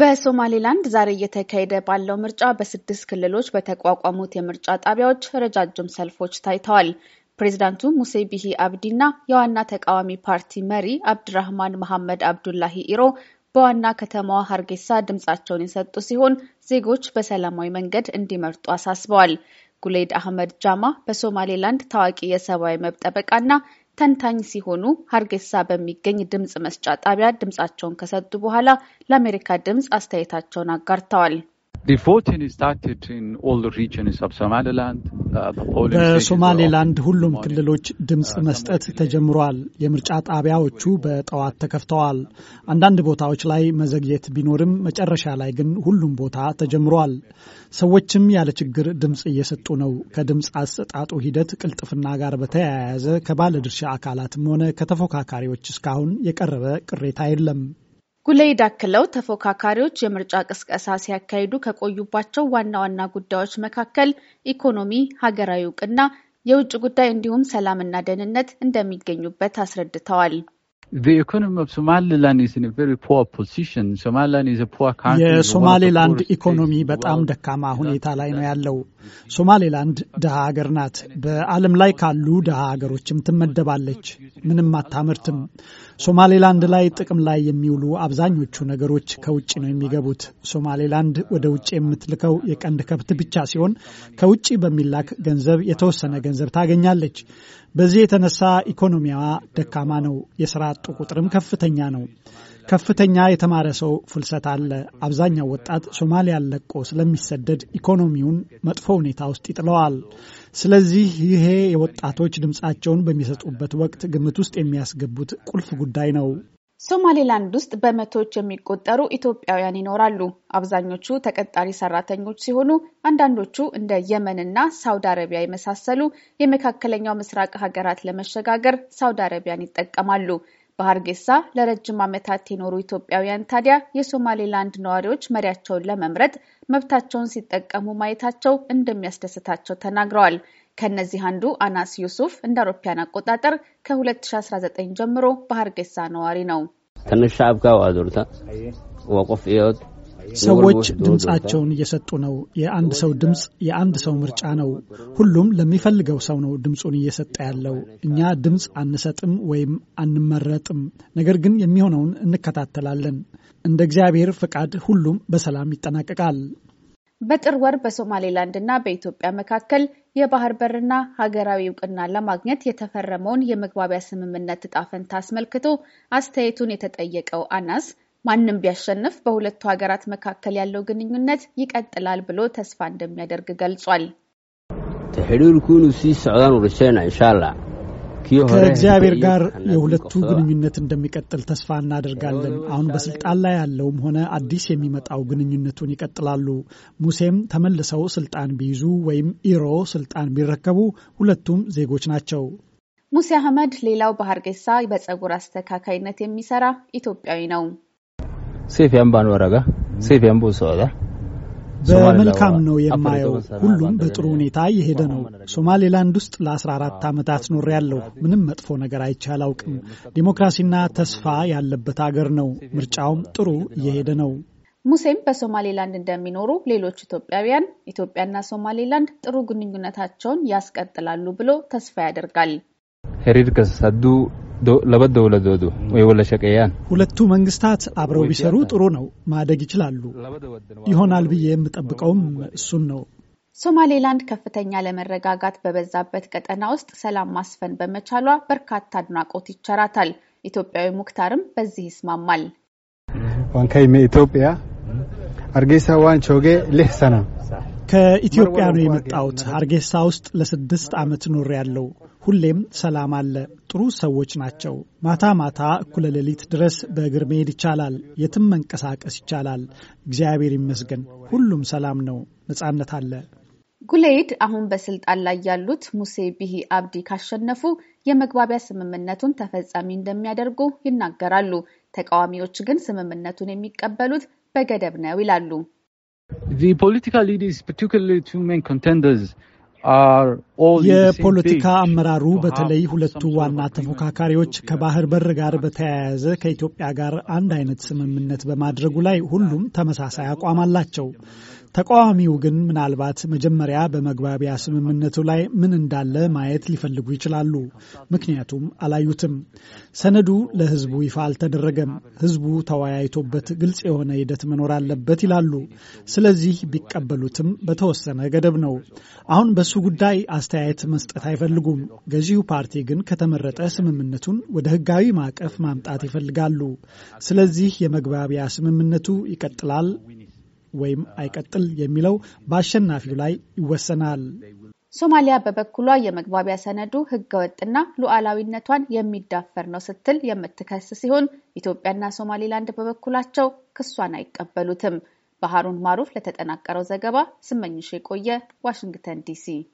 በሶማሌላንድ ዛሬ እየተካሄደ ባለው ምርጫ በስድስት ክልሎች በተቋቋሙት የምርጫ ጣቢያዎች ረጃጅም ሰልፎች ታይተዋል። ፕሬዚዳንቱ ሙሴ ቢሂ አብዲ የዋና ተቃዋሚ ፓርቲ መሪ አብድራህማን መሐመድ አብዱላሂ ኢሮ በዋና ከተማዋ ሀርጌሳ ድምጻቸውን የሰጡ ሲሆን ዜጎች በሰላማዊ መንገድ እንዲመርጡ አሳስበዋል። ጉሌድ አህመድ ጃማ በሶማሌላንድ ታዋቂ የሰብአዊ መብት ጠበቃና ተንታኝ ሲሆኑ ሀርጌሳ በሚገኝ ድምፅ መስጫ ጣቢያ ድምፃቸውን ከሰጡ በኋላ ለአሜሪካ ድምፅ አስተያየታቸውን አጋርተዋል። Uh, በሶማሌላንድ ሁሉም ክልሎች ድምፅ uh, መስጠት ተጀምሯል። የምርጫ ጣቢያዎቹ በጠዋት ተከፍተዋል። አንዳንድ ቦታዎች ላይ መዘግየት ቢኖርም መጨረሻ ላይ ግን ሁሉም ቦታ ተጀምሯል። ሰዎችም ያለ ችግር ድምፅ እየሰጡ ነው። ከድምፅ አሰጣጡ ሂደት ቅልጥፍና ጋር በተያያዘ ከባለድርሻ አካላትም ሆነ ከተፎካካሪዎች እስካሁን የቀረበ ቅሬታ የለም። ጉለይድ ዳክለው ተፎካካሪዎች የምርጫ ቅስቀሳ ሲያካሂዱ ከቆዩባቸው ዋና ዋና ጉዳዮች መካከል ኢኮኖሚ፣ ሀገራዊ እውቅና፣ የውጭ ጉዳይ እንዲሁም ሰላምና ደህንነት እንደሚገኙበት አስረድተዋል። የሶማሌላንድ ኢኮኖሚ በጣም ደካማ ሁኔታ ላይ ነው ያለው። ሶማሌላንድ ድሃ ሀገር ናት። በዓለም ላይ ካሉ ድሃ ሀገሮችም ትመደባለች። ምንም አታምርትም። ሶማሌላንድ ላይ ጥቅም ላይ የሚውሉ አብዛኞቹ ነገሮች ከውጭ ነው የሚገቡት። ሶማሌላንድ ወደ ውጭ የምትልከው የቀንድ ከብት ብቻ ሲሆን ከውጭ በሚላክ ገንዘብ የተወሰነ ገንዘብ ታገኛለች። በዚህ የተነሳ ኢኮኖሚዋ ደካማ ነው። የስራ አጡ ቁጥርም ከፍተኛ ነው። ከፍተኛ የተማረ ሰው ፍልሰት አለ። አብዛኛው ወጣት ሶማሊያን ለቆ ስለሚሰደድ ኢኮኖሚውን መጥፎ ሁኔታ ውስጥ ይጥለዋል። ስለዚህ ይሄ የወጣቶች ድምፃቸውን በሚሰጡበት ወቅት ግምት ውስጥ የሚያስገቡት ቁልፍ ጉዳይ ነው። ሶማሌላንድ ውስጥ በመቶዎች የሚቆጠሩ ኢትዮጵያውያን ይኖራሉ። አብዛኞቹ ተቀጣሪ ሰራተኞች ሲሆኑ አንዳንዶቹ እንደ የመን እና ሳውዲ አረቢያ የመሳሰሉ የመካከለኛው ምስራቅ ሀገራት ለመሸጋገር ሳውዲ አረቢያን ይጠቀማሉ። በሀርጌሳ ለረጅም ዓመታት የኖሩ ኢትዮጵያውያን ታዲያ የሶማሌላንድ ነዋሪዎች መሪያቸውን ለመምረጥ መብታቸውን ሲጠቀሙ ማየታቸው እንደሚያስደስታቸው ተናግረዋል። ከእነዚህ አንዱ አናስ ዩሱፍ እንደ አውሮፓውያን አቆጣጠር ከ2019 ጀምሮ በሀርጌሳ ነዋሪ ነው። ትንሽ አብጋ ዋዙርታ ወቁፍ ዮት ሰዎች ድምፃቸውን እየሰጡ ነው። የአንድ ሰው ድምፅ የአንድ ሰው ምርጫ ነው። ሁሉም ለሚፈልገው ሰው ነው ድምፁን እየሰጠ ያለው። እኛ ድምፅ አንሰጥም ወይም አንመረጥም፣ ነገር ግን የሚሆነውን እንከታተላለን። እንደ እግዚአብሔር ፍቃድ ሁሉም በሰላም ይጠናቀቃል። በጥር ወር በሶማሌላንድ እና በኢትዮጵያ መካከል የባህር በርና ሀገራዊ እውቅና ለማግኘት የተፈረመውን የመግባቢያ ስምምነት እጣ ፈንታ አስመልክቶ አስተያየቱን የተጠየቀው አናስ ማንም ቢያሸንፍ በሁለቱ ሀገራት መካከል ያለው ግንኙነት ይቀጥላል ብሎ ተስፋ እንደሚያደርግ ገልጿል። ከእግዚአብሔር ጋር የሁለቱ ግንኙነት እንደሚቀጥል ተስፋ እናደርጋለን። አሁን በስልጣን ላይ ያለውም ሆነ አዲስ የሚመጣው ግንኙነቱን ይቀጥላሉ። ሙሴም ተመልሰው ስልጣን ቢይዙ ወይም ኢሮ ስልጣን ቢረከቡ ሁለቱም ዜጎች ናቸው። ሙሴ አህመድ ሌላው በሀርጌሳ በፀጉር አስተካካይነት የሚሰራ ኢትዮጵያዊ ነው። ሴፊያን ባን ወረጋ ሴፊያን ቦሰዋዳ በመልካም ነው የማየው። ሁሉም በጥሩ ሁኔታ እየሄደ ነው። ሶማሌላንድ ውስጥ ለ14 ዓመታት ኖር ያለው ምንም መጥፎ ነገር አይቼ አላውቅም። ዲሞክራሲና ተስፋ ያለበት አገር ነው። ምርጫውም ጥሩ እየሄደ ነው። ሙሴም በሶማሌላንድ እንደሚኖሩ ሌሎች ኢትዮጵያውያን ኢትዮጵያና ሶማሌላንድ ጥሩ ግንኙነታቸውን ያስቀጥላሉ ብሎ ተስፋ ያደርጋል። ሄሪድከስ ሀዱ ለበ ደውለዶዱ ወይ ወለ ሸቀያን ሁለቱ መንግስታት አብረው ቢሰሩ ጥሩ ነው፣ ማደግ ይችላሉ። ይሆናል ብዬ የምጠብቀውም እሱን ነው። ሶማሌላንድ ከፍተኛ ለመረጋጋት በበዛበት ቀጠና ውስጥ ሰላም ማስፈን በመቻሏ በርካታ አድናቆት ይቸራታል። ኢትዮጵያዊ ሙክታርም በዚህ ይስማማል። ዋንካይሜ ኢትዮጵያ አርጌሳ ዋን ቾጌ ልህ ሰና ከኢትዮጵያ ነው የመጣሁት። አርጌሳ ውስጥ ለስድስት ዓመት ኖር ያለው ሁሌም ሰላም አለ። ጥሩ ሰዎች ናቸው። ማታ ማታ እኩለ ሌሊት ድረስ በእግር መሄድ ይቻላል። የትም መንቀሳቀስ ይቻላል። እግዚአብሔር ይመስገን፣ ሁሉም ሰላም ነው። ነጻነት አለ። ጉሌድ አሁን በስልጣን ላይ ያሉት ሙሴ ቢሂ አብዲ ካሸነፉ የመግባቢያ ስምምነቱን ተፈጻሚ እንደሚያደርጉ ይናገራሉ። ተቃዋሚዎች ግን ስምምነቱን የሚቀበሉት በገደብ ነው ይላሉ። የፖለቲካ አመራሩ በተለይ ሁለቱ ዋና ተፎካካሪዎች ከባህር በር ጋር በተያያዘ ከኢትዮጵያ ጋር አንድ አይነት ስምምነት በማድረጉ ላይ ሁሉም ተመሳሳይ አቋም አላቸው። ተቃዋሚው ግን ምናልባት መጀመሪያ በመግባቢያ ስምምነቱ ላይ ምን እንዳለ ማየት ሊፈልጉ ይችላሉ። ምክንያቱም አላዩትም። ሰነዱ ለሕዝቡ ይፋ አልተደረገም። ሕዝቡ ተወያይቶበት ግልጽ የሆነ ሂደት መኖር አለበት ይላሉ። ስለዚህ ቢቀበሉትም በተወሰነ ገደብ ነው። አሁን በሱ ጉዳይ አስተያየት መስጠት አይፈልጉም። ገዢው ፓርቲ ግን ከተመረጠ ስምምነቱን ወደ ሕጋዊ ማዕቀፍ ማምጣት ይፈልጋሉ። ስለዚህ የመግባቢያ ስምምነቱ ይቀጥላል ወይም አይቀጥል የሚለው በአሸናፊው ላይ ይወሰናል። ሶማሊያ በበኩሏ የመግባቢያ ሰነዱ ህገወጥና ሉዓላዊነቷን የሚዳፈር ነው ስትል የምትከስ ሲሆን ኢትዮጵያና ሶማሌላንድ በበኩላቸው ክሷን አይቀበሉትም። ባህሩን ማሩፍ ለተጠናቀረው ዘገባ ስመኝሽ የቆየ ዋሽንግተን ዲሲ